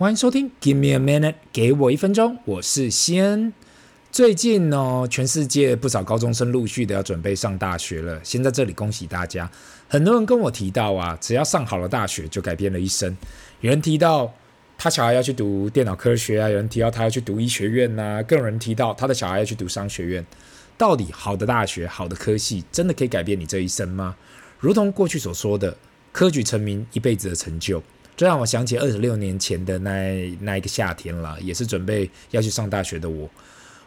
歡迎收聽《Give Me a Minute》，給我一分鐘，我是西恩。最近呢、哦，全世界不少高中生陸續的要準備上大學了，先在這裡恭喜大家。很多人跟我提到啊，只要上好了大學，就改變了一生。有人提到他小孩要去讀電腦科學啊，有人提到他要去讀醫學院吶、啊，更有人提到他的小孩要去讀商學院。到底好的大學、好的科系，真的可以改變你這一生嗎？如同過去所說的，科舉成名，一輩子的成就。這讓我想起二十六年前的那那一個夏天了，也是準備要去上大學的我，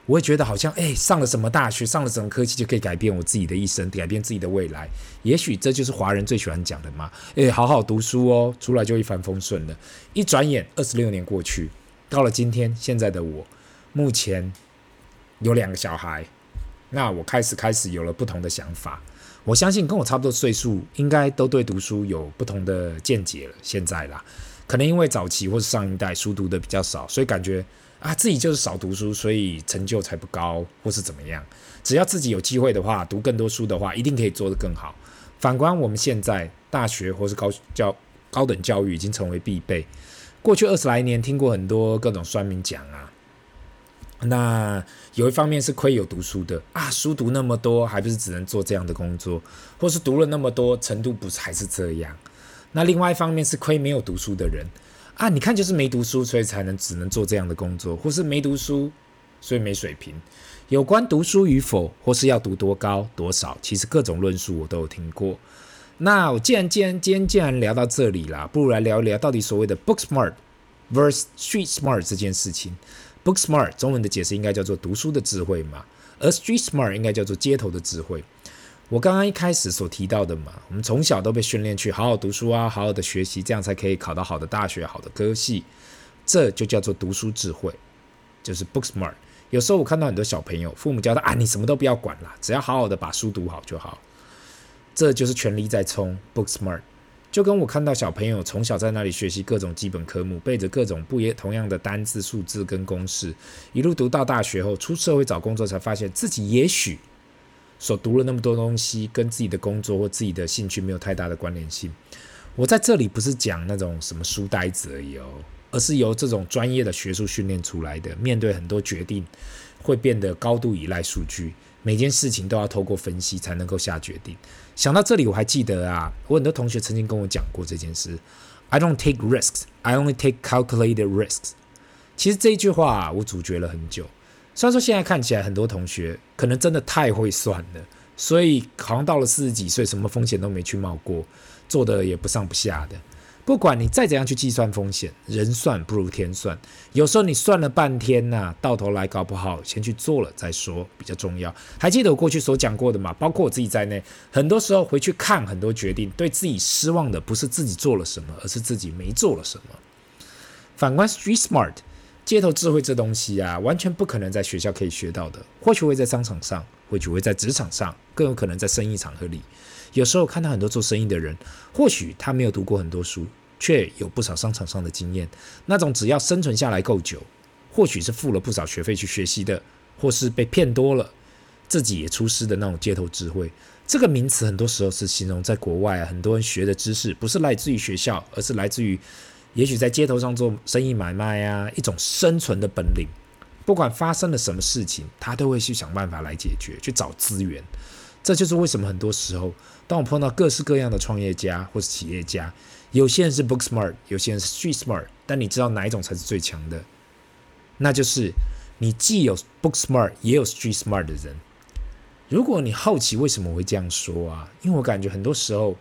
我會覺得好像哎、欸，上了什麼大學，上了什麼科系就可以改變我自己的一生，改變自己的未來。也許這就是華人最喜歡講的嘛，哎、欸，好好讀書哦，出來就一帆風順了。一轉眼二十六年過去，到了今天，現在的我目前有兩個小孩，那我開始開始有了不同的想法。我相信跟我差不多歲數，應該都對讀書有不同的見解了。現在啦，可能因為早期或是上一代書讀得比較少，所以感覺啊自己就是少讀書，所以成就才不高，或是怎麼樣。只要自己有機會的話，讀更多書的話，一定可以做得更好。反觀我們現在，大學或是高教高等教育已經成為必備。過去二十來年，聽過很多各種酸民講啊。那有一方面是虧有讀書的啊，書讀那麼多，還不是只能做這樣的工作，或是讀了那麼多程度不還是這樣？那另外一方面是虧沒有讀書的人啊，你看就是沒讀書，所以才能只能做這樣的工作，或是沒讀書，所以沒水平。有關讀書與否，或是要讀多高多少，其實各種論述我都有聽過。那我既然既然既然既然聊到這裡啦，不如來聊一聊到底所謂的 “Book Smart” versus “Street Smart” 這件事情。Book Smart 中文的解釋應該叫做讀書的智慧嘛，而 Street Smart 應該叫做街頭的智慧。我剛剛一開始所提到的嘛，我們從小都被訓練去好好讀書啊，好好的學習，這樣才可以考到好的大學、好的科系，這就叫做讀書智慧，就是 Book Smart。有時候我看到很多小朋友，父母叫他啊，你什麼都不要管啦，只要好好的把書讀好就好，這就是全力在衝 Book Smart。就跟我看到小朋友從小在那裡學習各種基本科目，背着各種不同樣的單字、數字跟公式，一路讀到大學後出社會找工作，才發現自己也許所讀了那麼多東西，跟自己的工作或自己的興趣沒有太大的關聯性。我在這裡不是講那種什麼書呆子而已哦，而是由這種專業的學術訓練出來的，面對很多決定會變得高度依賴數據。每件事情都要透過分析才能夠下決定。想到這裡，我還記得啊，我很多同學曾經跟我講過這件事。I don't take risks, I only take calculated risks。其實這一句話我咀嚼了很久。雖然說現在看起來很多同學可能真的太會算了，所以好像到了四十幾歲，什麼風險都沒去冒過，做的也不上不下的。不管你再怎樣去計算風險，人算不如天算。有時候你算了半天呢、啊，到頭來搞不好先去做了再說比較重要。還記得我過去所講過的嘛？包括我自己在內，很多時候回去看很多決定，對自己失望的不是自己做了什麼，而是自己沒做了什麼。反觀 Street Smart 街頭智慧這東西啊，完全不可能在學校可以學到的。或許會在商場上，或許會在職場上，更有可能在生意場合裡。有時候看到很多做生意的人，或許他沒有讀過很多書，卻有不少商場上的經驗。那種只要生存下來夠久，或許是付了不少學費去學習的，或是被騙多了，自己也出師的那種街頭智慧。這個名詞很多時候是形容在國外啊，很多人學的知識，不是來自於學校，而是來自於也許在街頭上做生意買賣呀，啊，一種生存的本領。不管發生了什麼事情，他都會去想辦法來解決，去找資源。這就是為什麼很多時候，當我碰到各式各樣的創業家或是企業家，有些人是 book smart，有些人是 street smart，但你知道哪一種才是最強的？那就是你既有 book smart 也有 street smart 的人。如果你好奇為什麼會這樣說啊，因為我感覺很多時候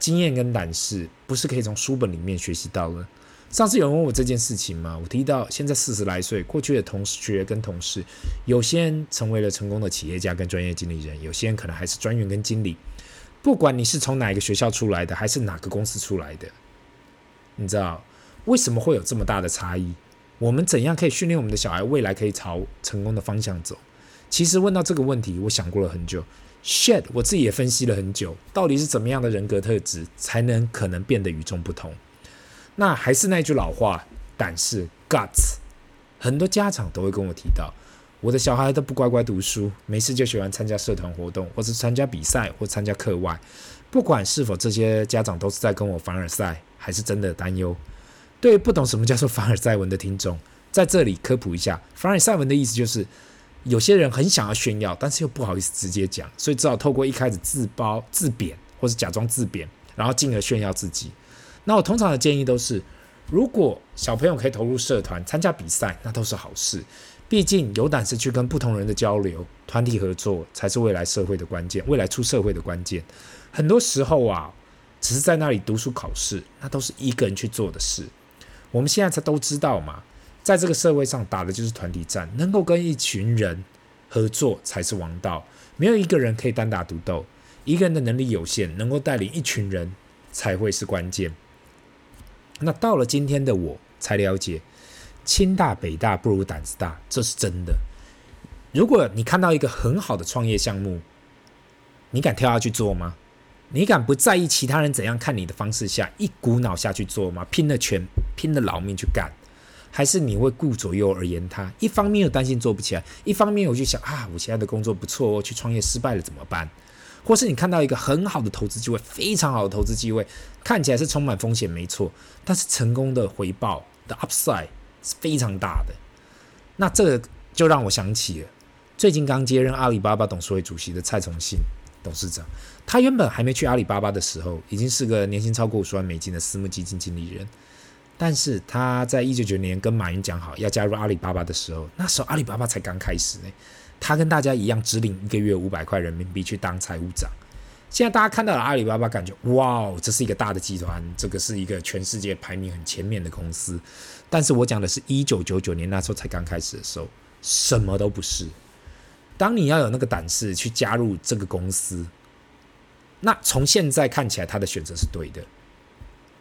經驗跟膽識不是可以從書本裡面學習到的。上次有人問我這件事情嗎？我提到現在四十來歲，過去的同學跟同事，有些人成為了成功的企業家跟專業經理人，有些人可能還是專員跟經理。不管你是從哪個學校出來的，還是哪個公司出來的，你知道為什麼會有這麼大的差異？我們怎樣可以訓練我們的小孩未來可以朝成功的方向走？其實問到這個問題，我想過了很久，Shit，我自己也分析了很久，到底是怎麼樣的人格特質才能可能變得與眾不同？那還是那句老話，但是 guts。Uts, 很多家長都會跟我提到，我的小孩都不乖乖讀書，沒事就喜歡參加社團活動，或是參加比賽，或參加課外。不管是否這些家長都是在跟我凡爾賽，還是真的擔憂。對於不懂什麼叫做凡爾賽文的聽眾，在這裡科普一下，凡爾賽文的意思就是有些人很想要炫耀，但是又不好意思直接講，所以只好透過一開始自褒自貶，或是假裝自貶，然後進而炫耀自己。那我通常的建議都是，如果小朋友可以投入社團、參加比賽，那都是好事。畢竟有膽識去跟不同人的交流、團體合作，才是未來社會的關鍵。未來出社會的關鍵，很多時候啊，只是在那裡讀書考試，那都是一個人去做的事。我們現在才都知道嘛，在這個社會上打的就是團體戰，能夠跟一群人合作才是王道。沒有一個人可以單打獨鬥，一個人的能力有限，能夠帶領一群人才會是關鍵。那到了今天的我，才了解，清大、北大不如膽子大，這是真的。如果你看到一個很好的創業項目，你敢跳下去做嗎？你敢不在意其他人怎樣看你的方式下，一股腦下去做嗎？拼了全，拼了老命去幹，還是你會顧左右而言他？一方面又擔心做不起來，一方面我就想啊，我現在的工作不錯哦，去創業失敗了怎麼辦？或是你看到一個很好的投資機會，非常好的投資機會，看起來是充滿風險，沒錯，但是成功的回報的 upside 是非常大的。那這個就讓我想起了最近剛接任阿里巴巴董事會主席的蔡崇信董事長，他原本還沒去阿里巴巴的時候，已經是個年薪超過五十萬美金的私募基金經理人。但是他在一九九九年跟馬雲講好要加入阿里巴巴的時候，那時候阿里巴巴才剛開始呢。他跟大家一樣，只領一個月五百塊人民幣去當財務長。現在大家看到了阿里巴巴，感覺哇哦，這是一個大的集團，這個是一個全世界排名很前面的公司。但是我講的是一九九九年那時候才剛開始的時候，什麼都不是。當你要有那個膽識去加入這個公司，那從現在看起來，他的選擇是對的。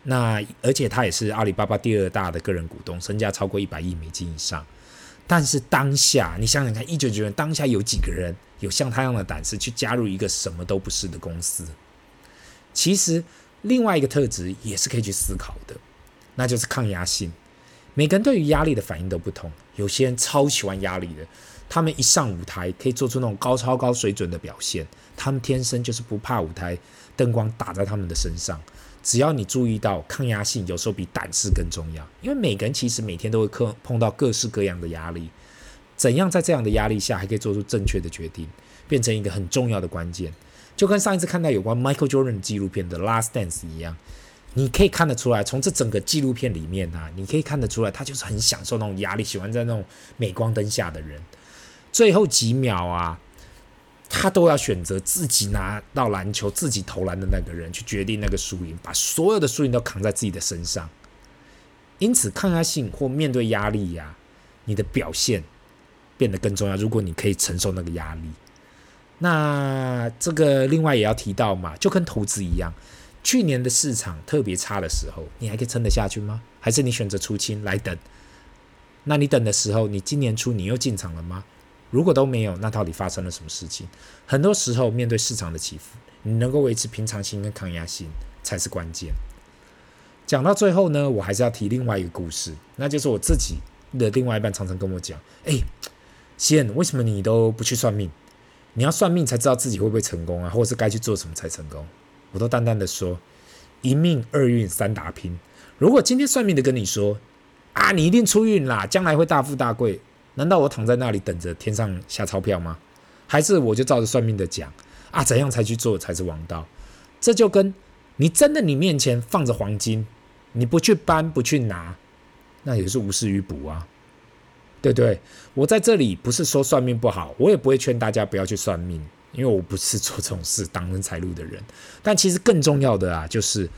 那而且他也是阿里巴巴第二大的個人股東，身價超過一百億美金以上。但是當下，你想想看，一九九九年當下有幾個人有像他樣的膽識去加入一個什麼都不是的公司？其實另外一個特質也是可以去思考的，那就是抗壓性。每個人對於壓力的反應都不同，有些人超喜歡壓力的，他們一上舞台可以做出那種高超高水準的表現，他們天生就是不怕舞台燈光打在他們的身上。只要你注意到抗壓性，有時候比膽識更重要。因為每個人其實每天都會碰碰到各式各樣的壓力，怎樣在這樣的壓力下還可以做出正確的決定，變成一個很重要的關鍵。就跟上一次看到有關 Michael Jordan 紀錄片的《Last Dance》一樣，你可以看得出來，從這整個紀錄片裡面啊，你可以看得出來，他就是很享受那種壓力，喜歡在那種鎂光燈下的人，最後幾秒啊。他都要選擇自己拿到籃球、自己投籃的那個人去決定那個輸贏，把所有的輸贏都扛在自己的身上。因此，抗壓性或面對壓力呀、啊，你的表現變得更重要。如果你可以承受那個壓力，那這個另外也要提到嘛，就跟投資一樣。去年的市場特別差的時候，你還可以撐得下去嗎？還是你選擇出清來等？那你等的時候，你今年初你又進場了嗎？如果都沒有，那到底發生了什麼事情？很多時候，面對市場的起伏，你能夠維持平常心跟抗壓心才是關鍵。講到最後呢，我還是要提另外一個故事，那就是我自己的另外一半常常跟我講：“哎、欸，西恩，為什麼你都不去算命？你要算命才知道自己會不會成功啊，或者是該去做什麼才成功？”我都淡淡的說：“一命二運三打拼。如果今天算命的跟你說啊，你一定出運啦，將來會大富大貴。”難道我躺在那裡等着天上下鈔票嗎？還是我就照着算命的講啊？怎樣才去做才是王道？這就跟你真的你面前放着黃金，你不去搬不去拿，那也是無事於補啊，對不對？我在這裡不是說算命不好，我也不會勸大家不要去算命，因為我不是做這種事擋人財路的人。但其實更重要的啊，就是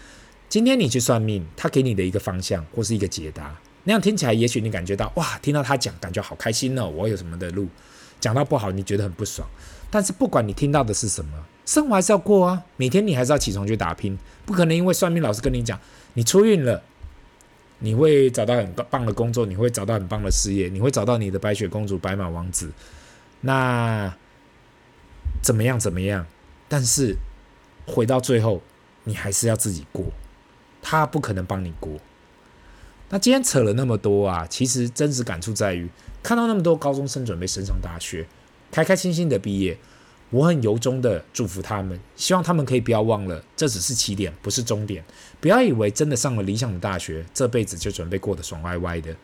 今天你去算命，他給你的一個方向或是一個解答。那樣聽起來，也許你感覺到哇，聽到他講，感覺好開心哦。我有什麼的路，講到不好，你覺得很不爽。但是不管你聽到的是什麼，生活還是要過啊。每天你還是要起床去打拼，不可能因為算命老師跟你講，你出運了，你會找到很棒的工作，你會找到很棒的事業，你會找到你的白雪公主、白馬王子，那怎麼樣？怎麼樣？但是回到最後，你還是要自己過，他不可能幫你過。那今天扯了那麼多啊，其實真實感觸在於看到那麼多高中生準備升上大學，開開心心的畢業，我很由衷的祝福他們，希望他們可以不要忘了，這只是起點，不是終點，不要以為真的上了理想的大學，這輩子就準備過得爽歪歪的，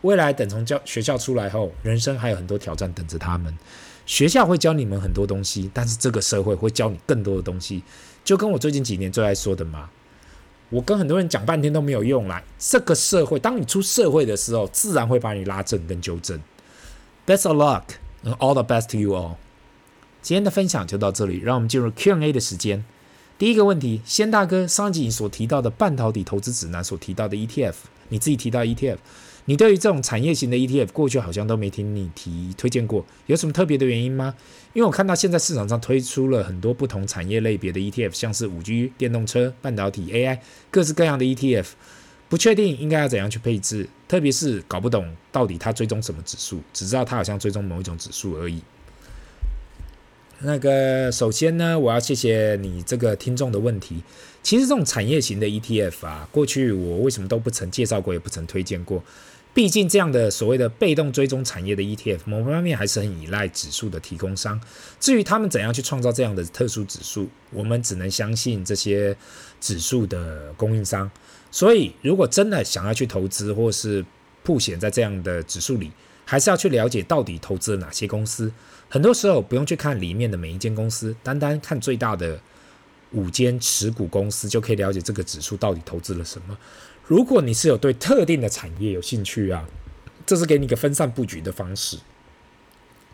未來等從教學校出來後，人生還有很多挑戰等着他們，學校會教你們很多東西，但是這個社會會教你更多的東西，就跟我最近幾年最愛說的嘛。我跟很多人講半天都沒有用來，來這個社會，當你出社會的時候，自然會把你拉正跟糾正。Best of luck and all the best to you all。今天的分享就到這裡，讓我們進入 Q&A 的時間。第一個問題，先大哥，上集所提到的半導體投資指南所提到的 ETF，你自己提到 ETF。你對於這種產業型的 ETF，過去好像都沒聽你提推薦過，有什麼特別的原因嗎？因為我看到現在市場上推出了很多不同產業類別的 ETF，像是 5G、電動車、半導體、AI，各式各樣的 ETF，不確定應該要怎樣去配置，特別是搞不懂到底它追蹤什麼指數，只知道它好像追蹤某一種指數而已。那個首先呢，我要謝謝你這個聽眾的問題。其實這種產業型的 ETF 啊，過去我為什麼都不曾介紹過，也不曾推薦過。畢竟，這樣的所謂的被動追蹤產業的 ETF，某方面還是很依賴指數的提供商。至於他們怎樣去創造這樣的特殊指數，我們只能相信這些指數的供應商。所以，如果真的想要去投資或是曝險在這樣的指數裡，還是要去了解到底投資了哪些公司。很多時候，不用去看裡面的每一間公司，單單看最大的五間持股公司，就可以了解這個指數到底投資了什麼。如果你是有對特定的產業有興趣啊，這是給你一個分散布局的方式。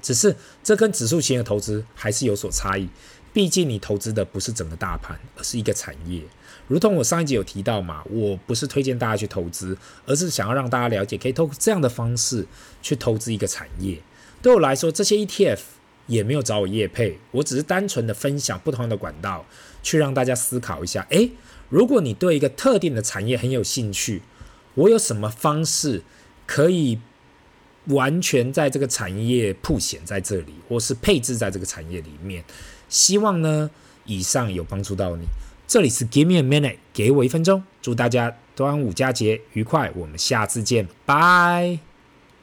只是這跟指數型的投資還是有所差異，畢竟你投資的不是整個大盤，而是一個產業。如同我上一集有提到嘛，我不是推薦大家去投資，而是想要讓大家了解，可以透過這樣的方式去投資一個產業。對我來說，這些 ETF 也沒有找我業配，我只是單純的分享不同的管道，去讓大家思考一下。誒。如果你對一個特定的產業很有興趣，我有什麼方式可以完全在這個產業曝險在這裡，或是配置在這個產業裡面？希望呢，以上有幫助到你。這裡是 Give me a minute，給我一分鐘。祝大家端午佳節愉快，我們下次見，拜拜。